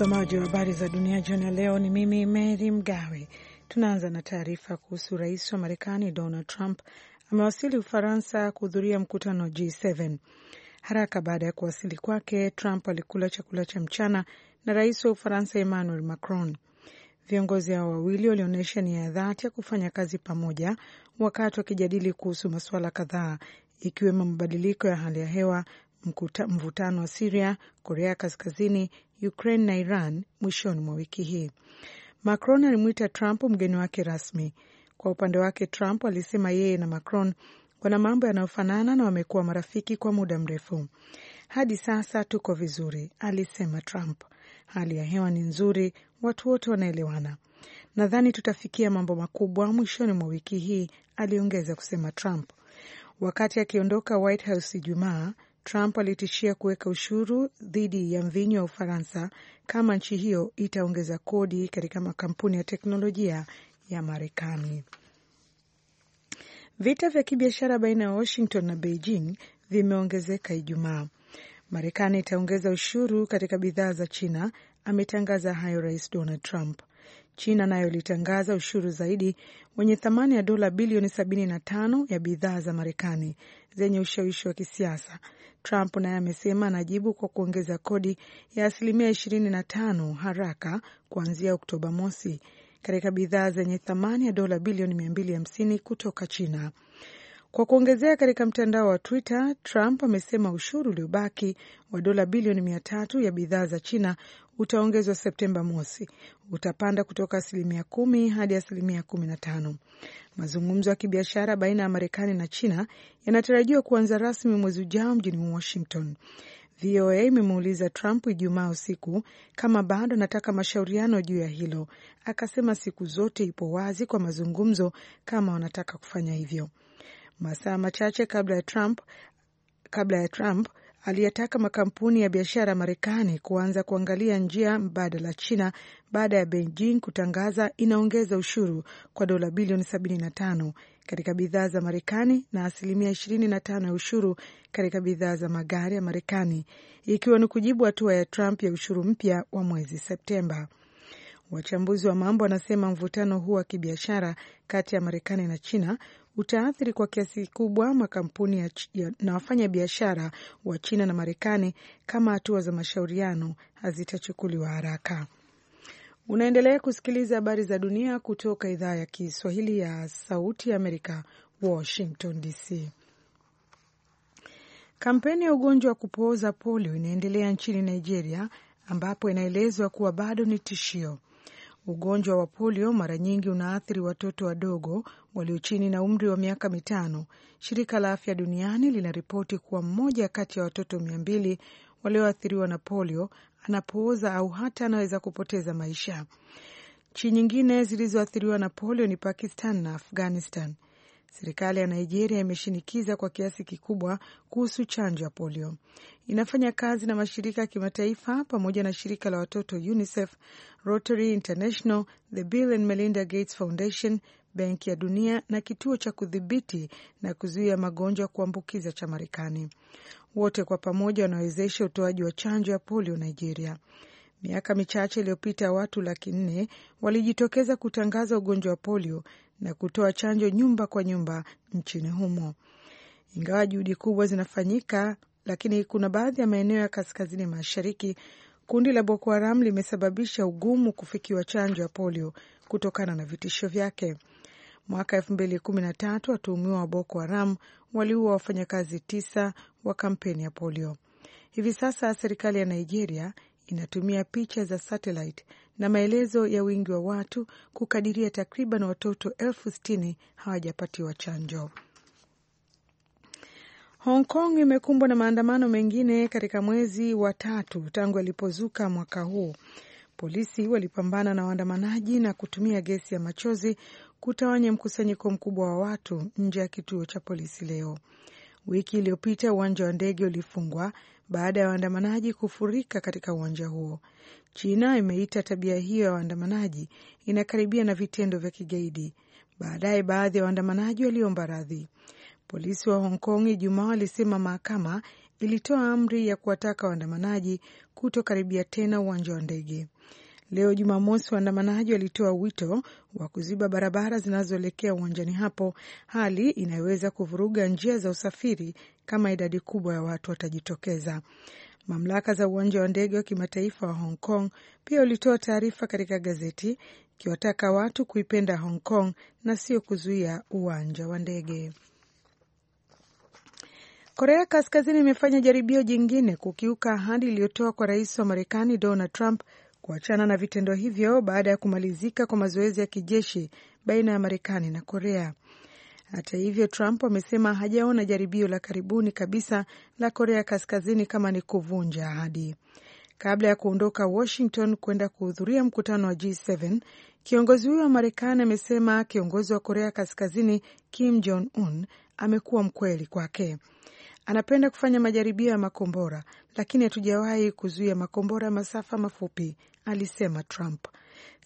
Msomaji wa habari za dunia jioni ya leo ni mimi Mary Mgawe. Tunaanza na taarifa kuhusu rais wa Marekani Donald Trump amewasili Ufaransa kuhudhuria mkutano wa G7. Haraka baada ya kuwasili kwake, Trump alikula chakula cha mchana na rais wa Ufaransa Emmanuel Macron. Viongozi hao wawili walionyesha nia ya dhati ya kufanya kazi pamoja wakati wakijadili kuhusu masuala kadhaa ikiwemo mabadiliko ya hali ya hewa, mvutano wa Siria, Korea Kaskazini, Ukraine na Iran mwishoni mwa wiki hii. Macron alimwita Trump mgeni wake rasmi. Kwa upande wake, Trump alisema yeye na Macron wana mambo yanayofanana na wamekuwa marafiki kwa muda mrefu. Hadi sasa tuko vizuri, alisema Trump. Hali ya hewa ni nzuri, watu wote wanaelewana. Nadhani tutafikia mambo makubwa mwishoni mwa wiki hii, aliongeza kusema Trump. Wakati akiondoka White House Ijumaa, Trump alitishia kuweka ushuru dhidi ya mvinyo wa Ufaransa kama nchi hiyo itaongeza kodi katika makampuni ya teknolojia ya Marekani. Vita vya kibiashara baina ya Washington na Beijing vimeongezeka Ijumaa. Marekani itaongeza ushuru katika bidhaa za China, ametangaza hayo Rais Donald Trump. China nayo ilitangaza ushuru zaidi wenye thamani ya dola bilioni 75 ya bidhaa za Marekani zenye ushawishi wa kisiasa. Trump naye amesema anajibu kwa kuongeza kodi ya asilimia 25 haraka kuanzia Oktoba mosi katika bidhaa zenye thamani ya dola bilioni 250 kutoka China. Kwa kuongezea, katika mtandao wa Twitter, Trump amesema ushuru uliobaki wa dola bilioni mia tatu ya bidhaa za China utaongezwa Septemba mosi, utapanda kutoka asilimia kumi hadi asilimia kumi na tano. Mazungumzo ya kibiashara baina ya Marekani na China yanatarajiwa kuanza rasmi mwezi ujao mjini Washington. VOA imemuuliza Trump Ijumaa usiku kama bado anataka mashauriano juu ya hilo. Akasema siku zote ipo wazi kwa mazungumzo kama wanataka kufanya hivyo. Masaa machache kabla ya Trump kabla ya Trump aliyataka makampuni ya biashara Marekani kuanza kuangalia njia mbadala China baada ya Beijing kutangaza inaongeza ushuru kwa dola bilioni 75 katika bidhaa za Marekani na asilimia 25 ya ushuru katika bidhaa za magari ya Marekani, ikiwa ni kujibu hatua ya Trump ya ushuru mpya wa mwezi Septemba. Wachambuzi wa mambo wanasema mvutano huu wa kibiashara kati ya Marekani na China utaathiri kwa kiasi kikubwa makampuni na wafanya biashara wa China na Marekani kama hatua za mashauriano hazitachukuliwa haraka. Unaendelea kusikiliza habari za dunia kutoka idhaa ya Kiswahili ya Sauti ya Amerika, Washington DC. Kampeni ya ugonjwa wa kupooza polio inaendelea nchini Nigeria, ambapo inaelezwa kuwa bado ni tishio. Ugonjwa wa polio mara nyingi unaathiri watoto wadogo walio chini na umri wa miaka mitano. Shirika la Afya Duniani linaripoti kuwa mmoja kati ya watoto mia mbili walioathiriwa na polio anapooza au hata anaweza kupoteza maisha. Nchi nyingine zilizoathiriwa na polio ni Pakistan na Afghanistan. Serikali ya Nigeria imeshinikiza kwa kiasi kikubwa kuhusu chanjo ya polio inafanya kazi na mashirika ya kimataifa pamoja na shirika la watoto UNICEF, Rotary International, the Bill and Melinda Gates Foundation, Benki ya Dunia na kituo cha kudhibiti na kuzuia magonjwa kuambukiza cha Marekani. Wote kwa pamoja wanawezesha utoaji wa chanjo ya polio Nigeria. Miaka michache iliyopita watu laki nne walijitokeza kutangaza ugonjwa wa polio na kutoa chanjo nyumba kwa nyumba nchini humo. Ingawa juhudi kubwa zinafanyika lakini kuna baadhi ya maeneo ya kaskazini mashariki kundi la Boko Haram limesababisha ugumu kufikiwa chanjo ya polio kutokana na vitisho vyake. Mwaka elfu mbili kumi na tatu watuhumiwa wa Boko Haram waliua wafanyakazi tisa wa kampeni ya polio. Hivi sasa serikali ya Nigeria inatumia picha za satellite na maelezo ya wingi wa watu kukadiria takriban watoto elfu sitini hawajapatiwa chanjo. Hong Kong imekumbwa na maandamano mengine katika mwezi wa tatu tangu yalipozuka mwaka huu. Polisi walipambana na waandamanaji na kutumia gesi ya machozi kutawanya mkusanyiko mkubwa wa watu nje ya kituo cha polisi leo. Wiki iliyopita uwanja wa ndege ulifungwa baada ya waandamanaji kufurika katika uwanja huo. China imeita tabia hiyo ya waandamanaji inakaribia na vitendo vya kigaidi. Baadaye baadhi ya waandamanaji waliomba radhi. Polisi wa Hong Kong Ijumaa walisema mahakama ilitoa amri ya kuwataka waandamanaji kutokaribia tena uwanja wa ndege. Leo Jumamosi, waandamanaji walitoa wito wa kuziba barabara zinazoelekea uwanjani hapo, hali inayoweza kuvuruga njia za usafiri kama idadi kubwa ya watu watajitokeza. Mamlaka za uwanja wa ndege wa kimataifa wa Hong Kong pia ulitoa taarifa katika gazeti ikiwataka watu kuipenda Hong Kong na sio kuzuia uwanja wa ndege. Korea Kaskazini imefanya jaribio jingine kukiuka ahadi iliyotoa kwa rais wa Marekani Donald Trump kuachana na vitendo hivyo baada ya kumalizika kwa mazoezi ya kijeshi baina ya Marekani na Korea. Hata hivyo, Trump amesema hajaona jaribio la karibuni kabisa la Korea Kaskazini kama ni kuvunja ahadi. Kabla ya kuondoka Washington kwenda kuhudhuria mkutano wa G7, kiongozi huyo wa Marekani amesema kiongozi wa Korea Kaskazini Kim Jong Un amekuwa mkweli kwake. Anapenda kufanya majaribio ya makombora, lakini hatujawahi kuzuia makombora ya masafa mafupi, alisema Trump.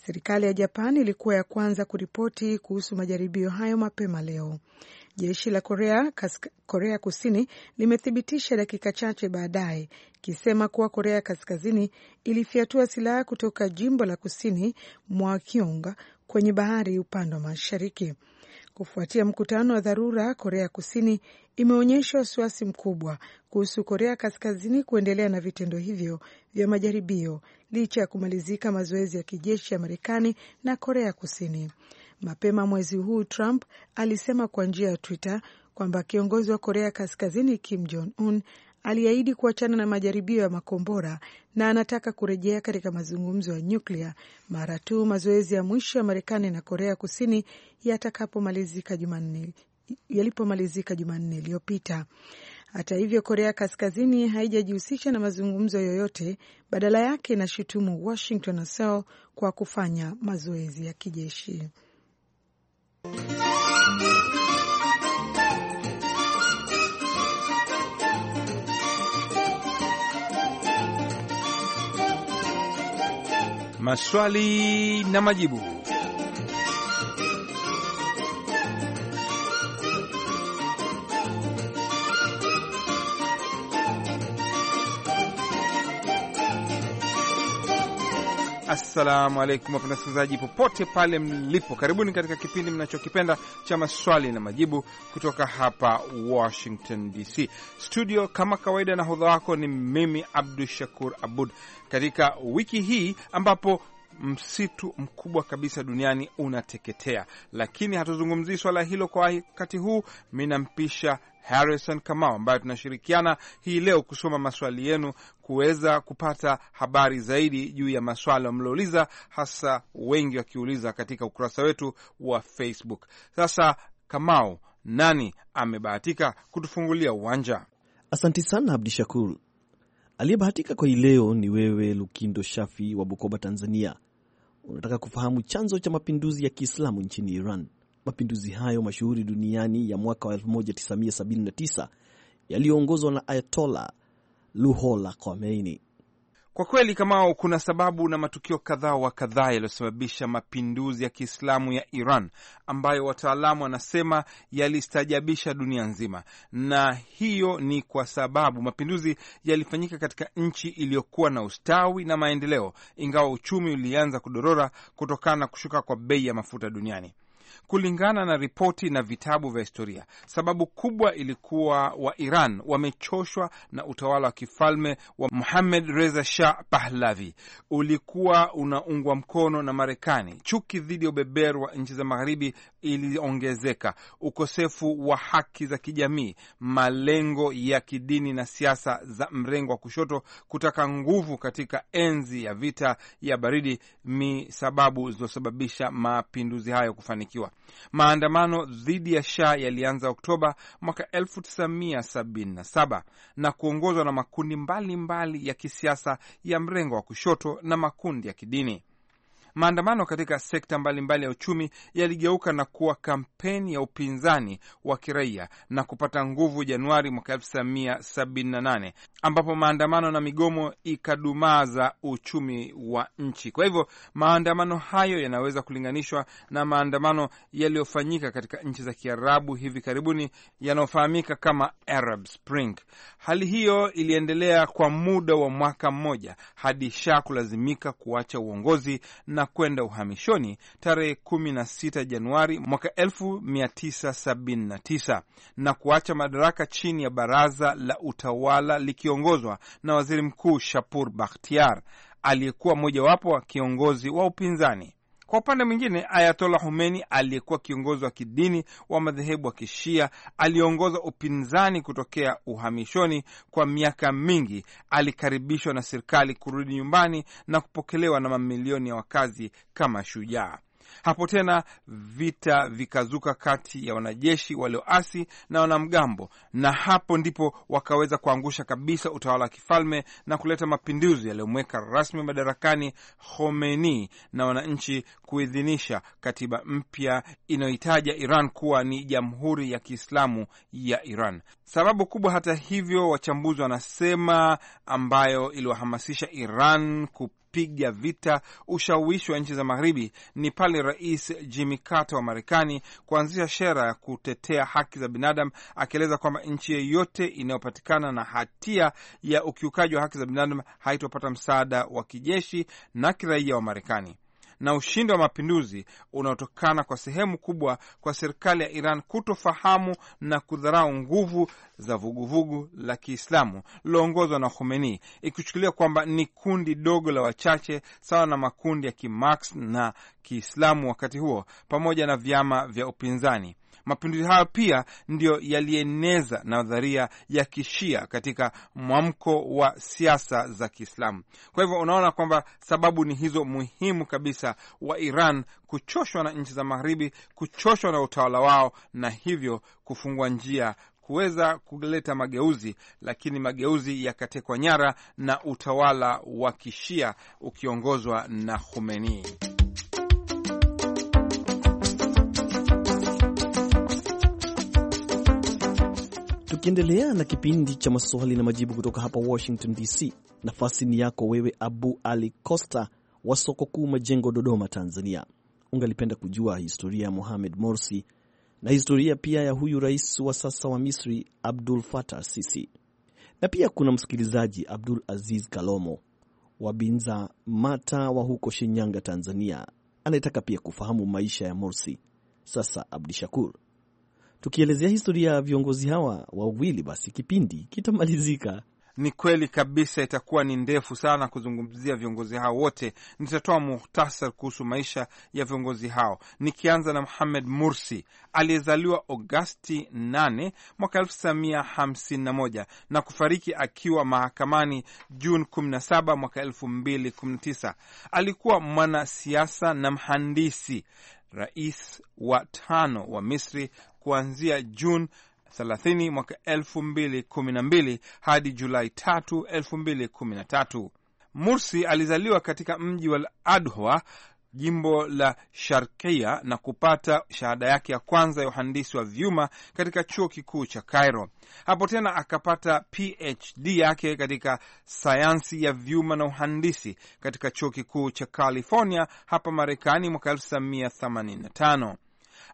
Serikali ya Japan ilikuwa ya kwanza kuripoti kuhusu majaribio hayo mapema leo. Jeshi la Korea, Korea Kusini limethibitisha dakika chache baadaye ikisema kuwa Korea Kaskazini ilifyatua silaha kutoka jimbo la kusini mwa kyong kwenye bahari upande wa mashariki kufuatia mkutano wa dharura, Korea Kusini imeonyesha wasiwasi mkubwa kuhusu Korea Kaskazini kuendelea na vitendo hivyo vya majaribio licha ya kumalizika mazoezi ya kijeshi ya Marekani na Korea Kusini. Mapema mwezi huu, Trump alisema kwa njia ya Twitter kwamba kiongozi wa Korea Kaskazini Kim Jong Un aliahidi kuachana na majaribio ya makombora na anataka kurejea katika mazungumzo ya nyuklia mara tu mazoezi ya mwisho ya Marekani na Korea Kusini yatakapomalizika Jumanne yalipomalizika Jumanne iliyopita. Hata hivyo, Korea Kaskazini haijajihusisha na mazungumzo yoyote, badala yake inashutumu Washington na Seoul kwa kufanya mazoezi ya kijeshi. maswali na majibu. Assalamu alaikum wapenda wasikilizaji, popote pale mlipo, karibuni katika kipindi mnachokipenda cha maswali na majibu kutoka hapa Washington DC studio. Kama kawaida, na hodha wako ni mimi Abdu Shakur Abud, katika wiki hii ambapo msitu mkubwa kabisa duniani unateketea, lakini hatuzungumzii swala hilo kwa wakati huu. mpisha Harrison Kamau ambayo tunashirikiana hii leo kusoma maswali yenu, kuweza kupata habari zaidi juu ya maswala mliouliza, hasa wengi wakiuliza katika ukurasa wetu wa Facebook. Sasa Kamau, nani amebahatika kutufungulia uwanja? Asanti sana shakur Aliyebahatika kwa hii leo ni wewe Lukindo Shafi wa Bukoba, Tanzania unataka kufahamu chanzo cha mapinduzi ya Kiislamu nchini Iran. Mapinduzi hayo mashuhuri duniani ya mwaka wa 1979 yaliyoongozwa na Ayatollah Ruhollah Khomeini. Kwa kweli Kamao, kuna sababu na matukio kadhaa wa kadhaa yaliyosababisha mapinduzi ya Kiislamu ya Iran ambayo wataalamu wanasema yalistajabisha dunia nzima, na hiyo ni kwa sababu mapinduzi yalifanyika katika nchi iliyokuwa na ustawi na maendeleo, ingawa uchumi ulianza kudorora kutokana na kushuka kwa bei ya mafuta duniani kulingana na ripoti na vitabu vya historia. Sababu kubwa ilikuwa wa Iran wamechoshwa na utawala wa kifalme wa Muhammad Reza Shah Pahlavi, ulikuwa unaungwa mkono na Marekani. Chuki dhidi ya ubeberu wa nchi za Magharibi iliongezeka, ukosefu wa haki za kijamii, malengo ya kidini na siasa za mrengo wa kushoto kutaka nguvu katika enzi ya vita ya baridi ni sababu zilizosababisha mapinduzi hayo kufanikiwa. Maandamano dhidi ya Shah yalianza Oktoba mwaka 1977 na kuongozwa na makundi mbalimbali mbali ya kisiasa ya mrengo wa kushoto na makundi ya kidini. Maandamano katika sekta mbalimbali ya uchumi yaligeuka na kuwa kampeni ya upinzani wa kiraia na kupata nguvu Januari mwaka 1978 ambapo maandamano na migomo ikadumaza uchumi wa nchi. Kwa hivyo maandamano hayo yanaweza kulinganishwa na maandamano yaliyofanyika katika nchi za Kiarabu hivi karibuni yanayofahamika kama Arab Spring. Hali hiyo iliendelea kwa muda wa mwaka mmoja hadi Shah kulazimika kuacha uongozi na na kwenda uhamishoni tarehe 16 Januari mwaka 1979 na kuacha madaraka chini ya baraza la utawala likiongozwa na waziri mkuu Shapur Bakhtiar aliyekuwa mojawapo wa kiongozi wa upinzani. Kwa upande mwingine, Ayatola Humeni aliyekuwa kiongozi wa kidini wa madhehebu wa Kishia aliongoza upinzani kutokea uhamishoni kwa miaka mingi, alikaribishwa na serikali kurudi nyumbani na kupokelewa na mamilioni ya wakazi kama shujaa. Hapo tena vita vikazuka kati ya wanajeshi walioasi na wanamgambo, na hapo ndipo wakaweza kuangusha kabisa utawala wa kifalme na kuleta mapinduzi yaliyomweka rasmi madarakani Khomeini na wananchi kuidhinisha katiba mpya inayohitaja Iran kuwa ni Jamhuri ya Kiislamu ya Iran. Sababu kubwa, hata hivyo, wachambuzi wanasema ambayo iliwahamasisha Iran ku kupiga vita ushawishi wa nchi za Magharibi ni pale Rais Jimmy Carter wa Marekani kuanzisha shera ya kutetea haki za binadamu, akieleza kwamba nchi yeyote inayopatikana na hatia ya ukiukaji wa haki za binadamu haitopata msaada wa kijeshi na kiraia wa Marekani na ushindi wa mapinduzi unaotokana kwa sehemu kubwa kwa serikali ya Iran kutofahamu na kudharau nguvu za vuguvugu la Kiislamu liloongozwa na Khomeini, ikichukulia kwamba ni kundi dogo la wachache sawa na makundi ya kimax na Kiislamu wakati huo, pamoja na vyama vya upinzani. Mapinduzi hayo pia ndiyo yalieneza nadharia ya kishia katika mwamko wa siasa za Kiislamu. Kwa hivyo unaona kwamba sababu ni hizo muhimu kabisa, wa Iran kuchoshwa na nchi za Magharibi, kuchoshwa na utawala wao, na hivyo kufungua njia kuweza kuleta mageuzi, lakini mageuzi yakatekwa nyara na utawala wa kishia ukiongozwa na Khomeini. Tukiendelea na kipindi cha maswali na majibu kutoka hapa Washington DC, nafasi ni yako wewe, Abu Ali Costa wa soko kuu Majengo, Dodoma, Tanzania. Ungalipenda kujua historia ya Mohamed Morsi na historia pia ya huyu rais wa sasa wa Misri Abdul Fatah Sisi. Na pia kuna msikilizaji Abdul Aziz Kalomo wa Binza Mata wa huko Shinyanga, Tanzania, anayetaka pia kufahamu maisha ya Morsi. Sasa Abdi Shakur, Tukielezea historia ya viongozi hawa wawili, basi kipindi kitamalizika. Ni kweli kabisa, itakuwa ni ndefu sana kuzungumzia viongozi hao wote. Nitatoa muhtasar kuhusu maisha ya viongozi hao, nikianza na Muhamed Mursi aliyezaliwa Agosti 8 mwaka 1951 na, na kufariki akiwa mahakamani Juni 17 mwaka 2019. Alikuwa mwanasiasa na mhandisi, rais wa tano wa Misri kuanzia Juni 30 mwaka 2012 hadi Julai 3, 2013. Mursi alizaliwa katika mji wa Adhwa, jimbo la Sharkia, na kupata shahada yake ya kwanza ya uhandisi wa vyuma katika chuo kikuu cha Cairo. Hapo tena akapata PhD yake katika sayansi ya vyuma na uhandisi katika chuo kikuu cha California hapa Marekani mwaka 1985.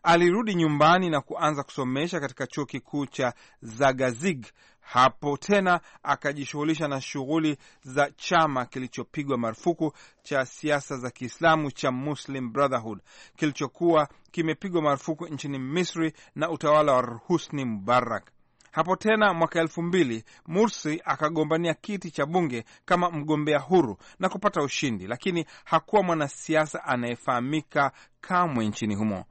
Alirudi nyumbani na kuanza kusomesha katika chuo kikuu cha Zagazig. Hapo tena akajishughulisha na shughuli za chama kilichopigwa marufuku cha siasa za Kiislamu cha Muslim Brotherhood kilichokuwa kimepigwa marufuku nchini Misri na utawala wa Husni Mubarak. Hapo tena mwaka elfu mbili Mursi akagombania kiti cha bunge kama mgombea huru na kupata ushindi, lakini hakuwa mwanasiasa anayefahamika kamwe nchini humo.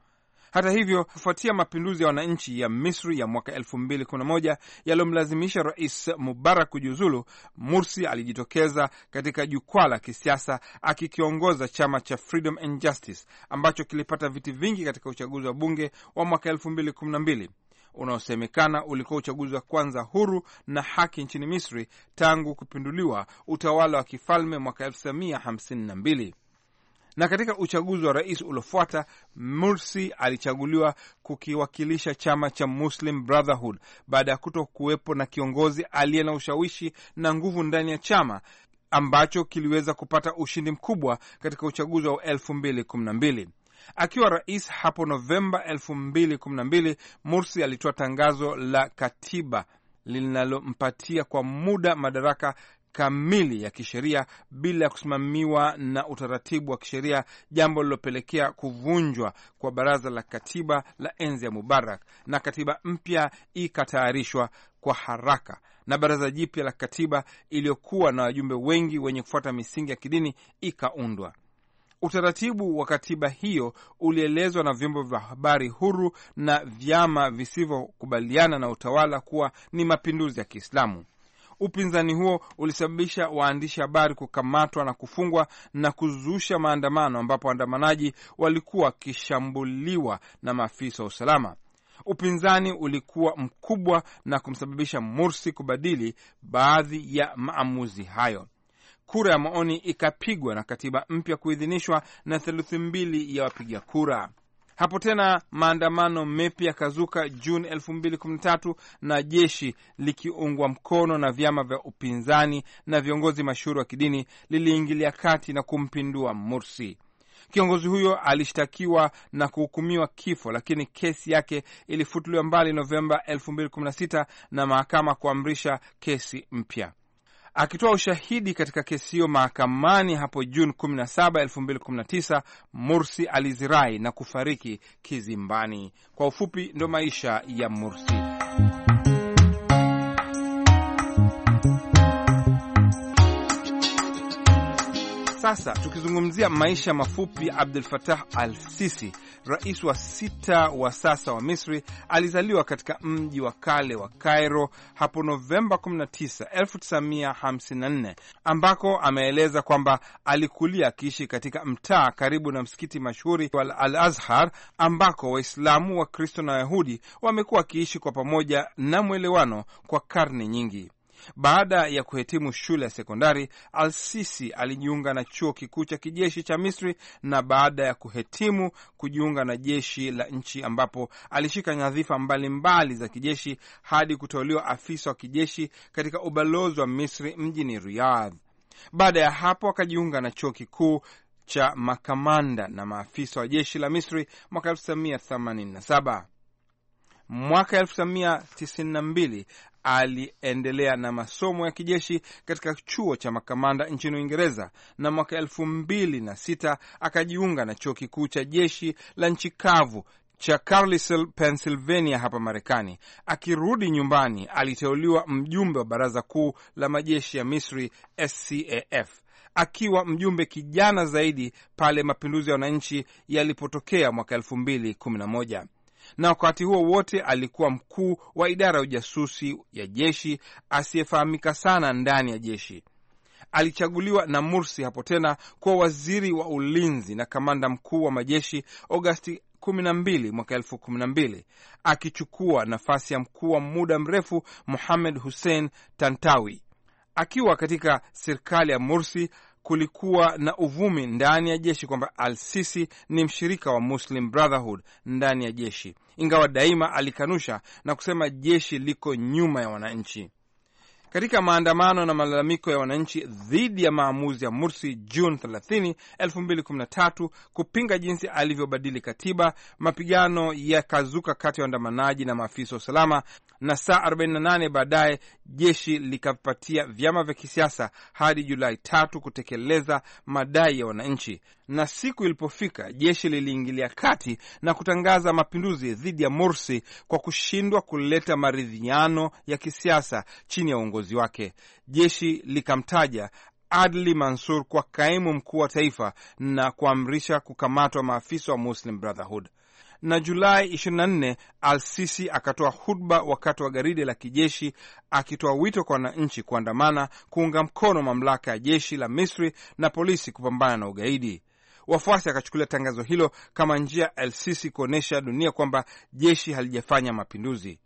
Hata hivyo, kufuatia mapinduzi ya wananchi ya Misri ya mwaka 2011 yaliyomlazimisha Rais Mubarak kujiuzulu, Mursi alijitokeza katika jukwaa la kisiasa akikiongoza chama cha Freedom and Justice ambacho kilipata viti vingi katika uchaguzi wa bunge wa mwaka 2012 unaosemekana ulikuwa uchaguzi wa kwanza huru na haki nchini Misri tangu kupinduliwa utawala wa kifalme mwaka 1952. Na katika uchaguzi wa rais uliofuata, Mursi alichaguliwa kukiwakilisha chama cha Muslim Brotherhood baada ya kuto kuwepo na kiongozi aliye na ushawishi na nguvu ndani ya chama ambacho kiliweza kupata ushindi mkubwa katika uchaguzi wa mbili. Akiwa rais hapo Novemba 2012, Mursi alitoa tangazo la katiba linalompatia kwa muda madaraka kamili ya kisheria bila ya kusimamiwa na utaratibu wa kisheria, jambo lilopelekea kuvunjwa kwa baraza la katiba la enzi ya Mubarak na katiba mpya ikatayarishwa kwa haraka na baraza jipya la katiba iliyokuwa na wajumbe wengi wenye kufuata misingi ya kidini ikaundwa. Utaratibu wa katiba hiyo ulielezwa na vyombo vya habari huru na vyama visivyokubaliana na utawala kuwa ni mapinduzi ya Kiislamu. Upinzani huo ulisababisha waandishi habari kukamatwa na kufungwa na kuzusha maandamano, ambapo waandamanaji walikuwa wakishambuliwa na maafisa wa usalama. Upinzani ulikuwa mkubwa na kumsababisha Mursi kubadili baadhi ya maamuzi hayo. Kura ya maoni ikapigwa na katiba mpya kuidhinishwa na theluthi mbili ya wapiga kura. Hapo tena maandamano mepya yakazuka Juni 2013 na jeshi likiungwa mkono na vyama vya upinzani na viongozi mashuhuri wa kidini liliingilia kati na kumpindua Mursi. Kiongozi huyo alishtakiwa na kuhukumiwa kifo, lakini kesi yake ilifutuliwa mbali Novemba 2016 na mahakama kuamrisha kesi mpya. Akitoa ushahidi katika kesi hiyo mahakamani hapo Juni 17, 2019, Mursi alizirai na kufariki kizimbani. Kwa ufupi, ndo maisha ya Mursi. Sasa tukizungumzia maisha mafupi ya Abdul Fatah al Sisi rais wa sita wa sasa wa Misri, alizaliwa katika mji wa kale wa Cairo hapo Novemba 19, 1954 ambako ameeleza kwamba alikulia akiishi katika mtaa karibu na msikiti mashuhuri wa Al Azhar ambako Waislamu, Wakristo na Wayahudi wamekuwa wakiishi kwa pamoja na mwelewano kwa karne nyingi. Baada ya kuhitimu shule ya sekondari, alsisi alijiunga na chuo kikuu cha kijeshi cha Misri na baada ya kuhitimu kujiunga na jeshi la nchi, ambapo alishika nyadhifa mbalimbali za kijeshi hadi kuteuliwa afisa wa kijeshi katika ubalozi wa Misri mjini Riyadh. Baada ya hapo akajiunga na chuo kikuu cha makamanda na maafisa wa jeshi la Misri mwaka 1987. Mwaka 1992 aliendelea na masomo ya kijeshi katika chuo cha makamanda nchini Uingereza na mwaka elfu mbili na sita akajiunga na chuo kikuu cha jeshi la nchi kavu cha Carlisle, Pennsylvania hapa Marekani. Akirudi nyumbani, aliteuliwa mjumbe wa baraza kuu la majeshi ya Misri SCAF, akiwa mjumbe kijana zaidi pale mapinduzi ya wananchi yalipotokea mwaka elfu mbili kumi na moja na wakati huo wote alikuwa mkuu wa idara ya ujasusi ya jeshi asiyefahamika sana ndani ya jeshi. Alichaguliwa na Mursi hapo tena kuwa waziri wa ulinzi na kamanda mkuu wa majeshi Agosti 12 mwaka 2012, akichukua nafasi ya mkuu wa muda mrefu Muhamed Hussein Tantawi. Akiwa katika serikali ya Mursi kulikuwa na uvumi ndani ya jeshi kwamba Al-Sisi ni mshirika wa Muslim Brotherhood ndani ya jeshi, ingawa daima alikanusha na kusema jeshi liko nyuma ya wananchi katika maandamano na malalamiko ya wananchi dhidi ya maamuzi ya Mursi Juni 30, 2013 kupinga jinsi alivyobadili katiba. Mapigano yakazuka kati ya waandamanaji na maafisa wa usalama, na saa 48 baadaye jeshi likapatia vyama vya kisiasa hadi Julai tatu kutekeleza madai ya wananchi, na siku ilipofika jeshi liliingilia kati na kutangaza mapinduzi dhidi ya Mursi kwa kushindwa kuleta maridhiano ya kisiasa chini ya uongozi uongozi wake. Jeshi likamtaja Adli Mansur kwa kaimu mkuu wa taifa na kuamrisha kukamatwa maafisa wa Muslim Brotherhood. Na Julai 24 Al-Sisi akatoa hutba wakati wa garidi la kijeshi akitoa wito kwa wananchi kuandamana kuunga mkono mamlaka ya jeshi la Misri na polisi kupambana na ugaidi. Wafuasi akachukulia tangazo hilo kama njia El Sisi kuonyesha dunia kwamba jeshi halijafanya mapinduzi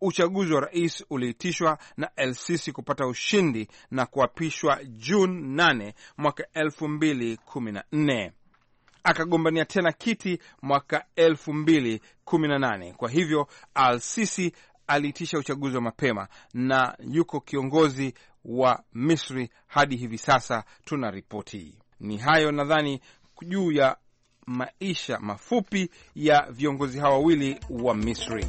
uchaguzi wa rais uliitishwa na El Sisi kupata ushindi na kuapishwa Juni 8 mwaka 2014. Akagombania tena kiti mwaka nane Kwa hivyo Al Sisi aliitisha uchaguzi wa mapema na yuko kiongozi wa Misri hadi hivi sasa. Tuna ripoti hii. Ni hayo nadhani juu ya maisha mafupi ya viongozi hawa wawili wa Misri.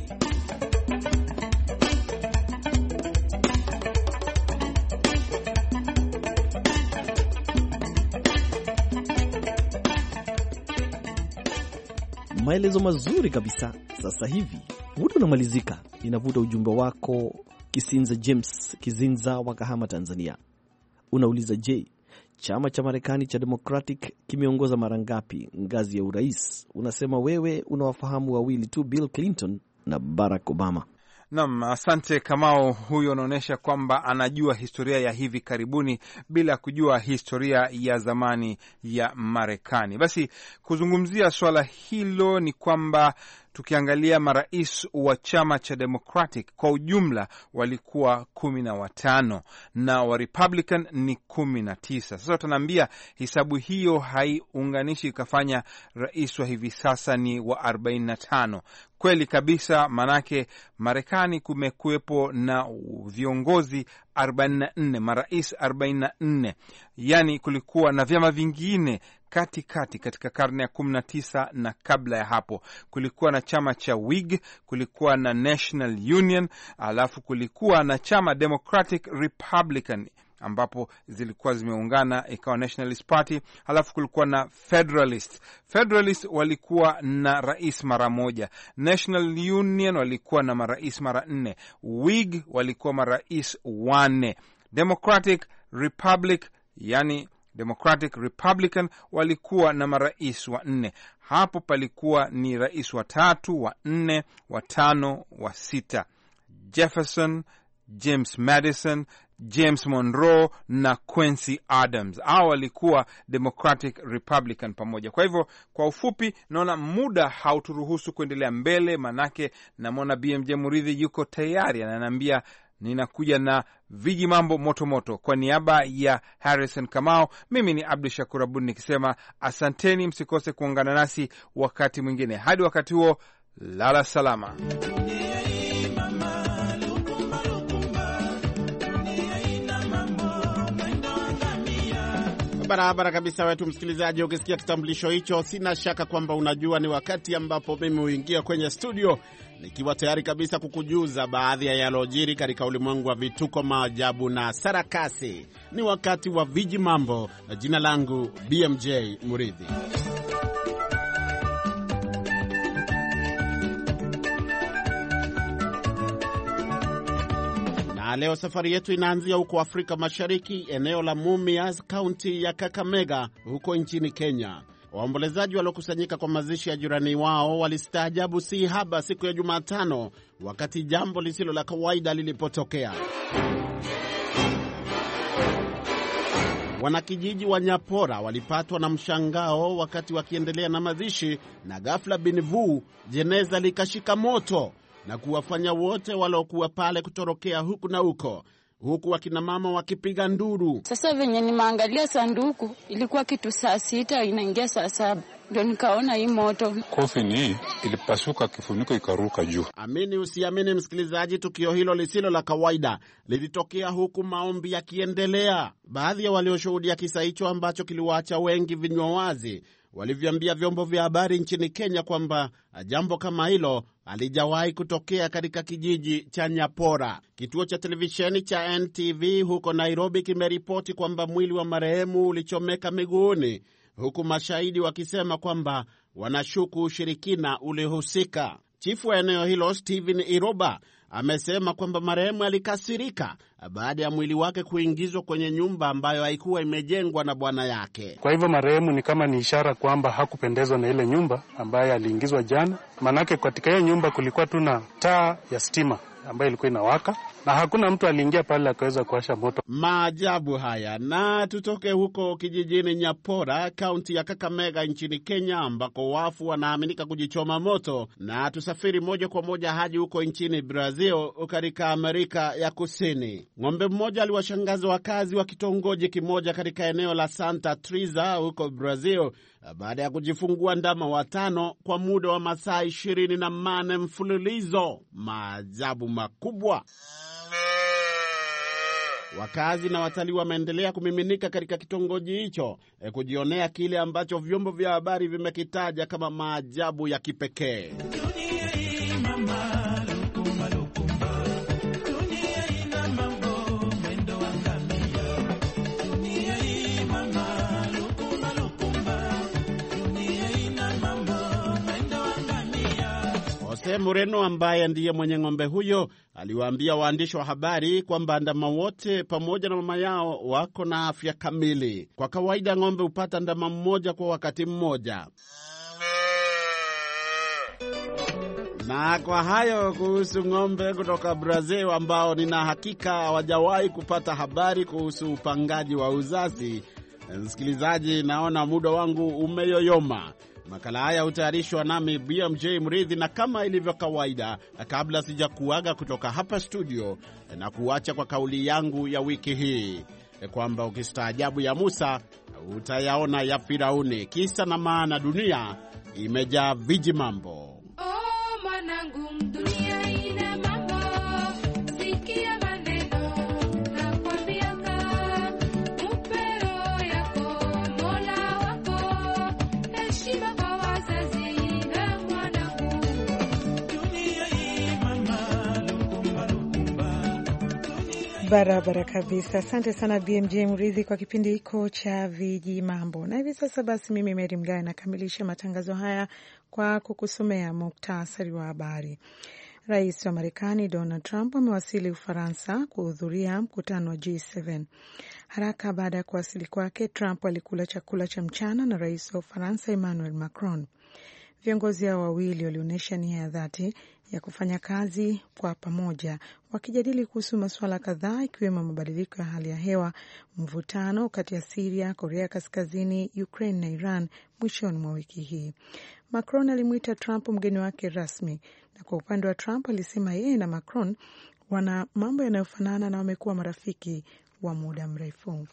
maelezo mazuri kabisa. Sasa hivi muda unamalizika, inavuta ujumbe wako Kisinza James Kizinza wa Kahama, Tanzania. Unauliza, je, chama cha Marekani cha Democratic kimeongoza mara ngapi ngazi ya urais? Unasema wewe unawafahamu wawili tu, Bill Clinton na Barack Obama. Nam, asante Kamao. Huyo anaonyesha kwamba anajua historia ya hivi karibuni bila kujua historia ya zamani ya Marekani. Basi kuzungumzia swala hilo ni kwamba tukiangalia marais wa chama cha Democratic kwa ujumla walikuwa kumi na watano na wa Republican ni kumi na tisa. Sasa utanaambia hesabu hiyo haiunganishi ikafanya rais wa hivi sasa ni wa tano Kweli kabisa, maanake Marekani kumekuwepo na viongozi 44 marais 44, yani kulikuwa na vyama vingine katikati kati katika karne ya kumi na tisa na kabla ya hapo kulikuwa na chama cha Whig, kulikuwa na National Union, alafu kulikuwa na chama Democratic Republican ambapo zilikuwa zimeungana ikawa Nationalist Party, alafu kulikuwa na Federalist. Federalist walikuwa na rais mara moja, National Union walikuwa na marais mara nne, Whig walikuwa marais wanne, Democratic Republic yani Democratic Republican walikuwa na marais wa nne. Hapo palikuwa ni rais wa tatu, wa nne, wa tano, wa sita: Jefferson, James Madison, James Monroe na Quincy Adams. Hao walikuwa Democratic Republican pamoja. Kwa hivyo, kwa ufupi, naona muda hauturuhusu kuendelea mbele, manake namwona BMJ Muridhi yuko tayari ananiambia Ninakuja na viji mambo motomoto. Kwa niaba ya Harrison kamao mimi ni Abdu Shakur Abud nikisema asanteni, msikose kuungana nasi wakati mwingine. Hadi wakati huo, lala salama. barabara kabisa wetu msikilizaji, ukisikia kitambulisho hicho, sina shaka kwamba unajua ni wakati ambapo mimi huingia kwenye studio nikiwa tayari kabisa kukujuza baadhi ya yalojiri katika ulimwengu wa vituko, maajabu na sarakasi. Ni wakati wa viji mambo. Jina langu BMJ Muridhi. leo safari yetu inaanzia huko Afrika Mashariki, eneo la Mumias, kaunti ya Kakamega, huko nchini Kenya. Waombolezaji waliokusanyika kwa mazishi ya jirani wao walistaajabu si haba siku ya Jumatano wakati jambo lisilo la kawaida lilipotokea. Wanakijiji wa Nyapora walipatwa na mshangao wakati wakiendelea na mazishi, na ghafla binvu jeneza likashika moto na kuwafanya wote waliokuwa pale kutorokea huku na huko, huku wakinamama wakipiga nduru. Sasa venye nimeangalia sanduku ilikuwa kitu saa sita inaingia saa saba ndio nikaona hii moto kofi ni ilipasuka, kifuniko ikaruka juu. Amini usiamini, msikilizaji, tukio hilo lisilo la kawaida lilitokea huku maombi yakiendelea. Baadhi ya walioshuhudia kisa hicho ambacho kiliwaacha wengi vinywa wazi walivyoambia vyombo vya habari nchini Kenya kwamba ah, jambo kama hilo halijawahi kutokea katika kijiji cha Nyapora. Kituo cha televisheni cha NTV huko Nairobi kimeripoti kwamba mwili wa marehemu ulichomeka miguuni, huku mashahidi wakisema kwamba wanashuku ushirikina ulihusika. Chifu wa eneo hilo Stephen Iroba amesema kwamba marehemu alikasirika baada ya mwili wake kuingizwa kwenye nyumba ambayo haikuwa imejengwa na bwana yake. Kwa hivyo marehemu ni kama ni ishara kwamba hakupendezwa na ile nyumba ambayo aliingizwa jana, maanake katika hiyo nyumba kulikuwa tu na taa ya stima ambayo ilikuwa inawaka na hakuna mtu aliingia pale akaweza kuwasha moto. Maajabu haya. Na tutoke huko kijijini Nyapora, kaunti ya Kakamega nchini Kenya, ambako wafu wanaaminika kujichoma moto, na tusafiri moja kwa moja hadi huko nchini Brazil, katika Amerika ya Kusini. Ng'ombe mmoja aliwashangaza wakazi wa kitongoji kimoja katika eneo la Santa Triza huko Brazil baada ya kujifungua ndama watano kwa muda wa masaa ishirini na mane mfululizo. Maajabu makubwa. Wakazi na watalii wameendelea kumiminika katika kitongoji hicho e, kujionea kile ambacho vyombo vya habari vimekitaja kama maajabu ya kipekee. Jose Moreno ambaye ndiye mwenye ng'ombe huyo aliwaambia waandishi wa habari kwamba ndama wote pamoja na mama yao wako na afya kamili. Kwa kawaida ng'ombe hupata ndama mmoja kwa wakati mmoja. Na kwa hayo kuhusu ng'ombe kutoka Brazil ambao nina hakika hawajawahi kupata habari kuhusu upangaji wa uzazi. Msikilizaji, naona muda wangu umeyoyoma. Makala haya hutayarishwa nami BMJ Mridhi, na kama ilivyo kawaida, kabla sijakuaga kutoka hapa studio, na kuacha kwa kauli yangu ya wiki hii kwamba ukistaajabu ya Musa utayaona ya Firauni. Kisa na maana, dunia imejaa viji mambo. Oh, Barabara kabisa. Asante sana BMJ Mridhi kwa kipindi hiko cha viji mambo. Na hivi sasa basi, mimi Meri Mgawe nakamilisha matangazo haya kwa kukusomea muktasari wa habari. Rais wa Marekani Donald Trump amewasili Ufaransa kuhudhuria mkutano wa G7. Haraka baada ya kuwasili kwake, Trump alikula chakula cha mchana na rais wa Ufaransa Emmanuel Macron. Viongozi hao wawili walionyesha nia ya dhati ya kufanya kazi kwa pamoja wakijadili kuhusu masuala kadhaa ikiwemo mabadiliko ya hali ya hewa, mvutano kati ya Siria, Korea Kaskazini, Ukraine na Iran mwishoni mwa wiki hii. Macron alimwita Trump mgeni wake rasmi, na kwa upande wa Trump alisema yeye na Macron wana mambo yanayofanana na wamekuwa marafiki wa muda mrefu.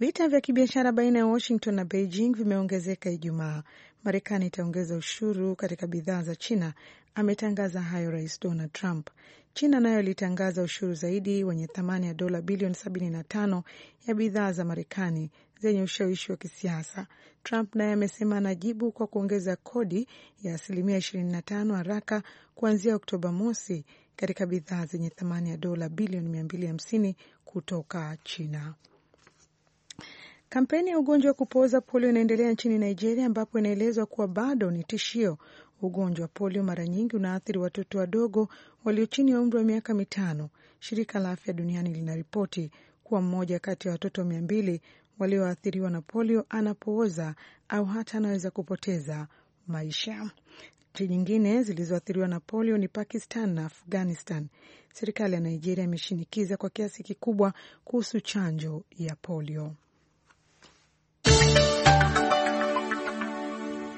Vita vya kibiashara baina ya Washington na Beijing vimeongezeka Ijumaa Marekani itaongeza ushuru katika bidhaa za China. Ametangaza hayo Rais Donald Trump. China nayo ilitangaza ushuru zaidi wenye thamani ya dola bilioni 75 ya bidhaa za Marekani zenye ushawishi wa kisiasa. Trump naye amesema anajibu kwa kuongeza kodi ya asilimia 25 haraka kuanzia Oktoba mosi katika bidhaa zenye thamani ya dola bilioni 250 kutoka China. Kampeni ya ugonjwa wa kupooza polio inaendelea nchini Nigeria, ambapo inaelezwa kuwa bado ni tishio. Ugonjwa wa polio mara nyingi unaathiri watoto wadogo walio chini ya umri wa miaka mitano. Shirika la Afya Duniani linaripoti kuwa mmoja kati ya watoto mia mbili walioathiriwa na polio anapooza au hata anaweza kupoteza maisha. Nchi nyingine zilizoathiriwa na polio ni Pakistan na Afghanistan. Serikali ya Nigeria imeshinikiza kwa kiasi kikubwa kuhusu chanjo ya polio.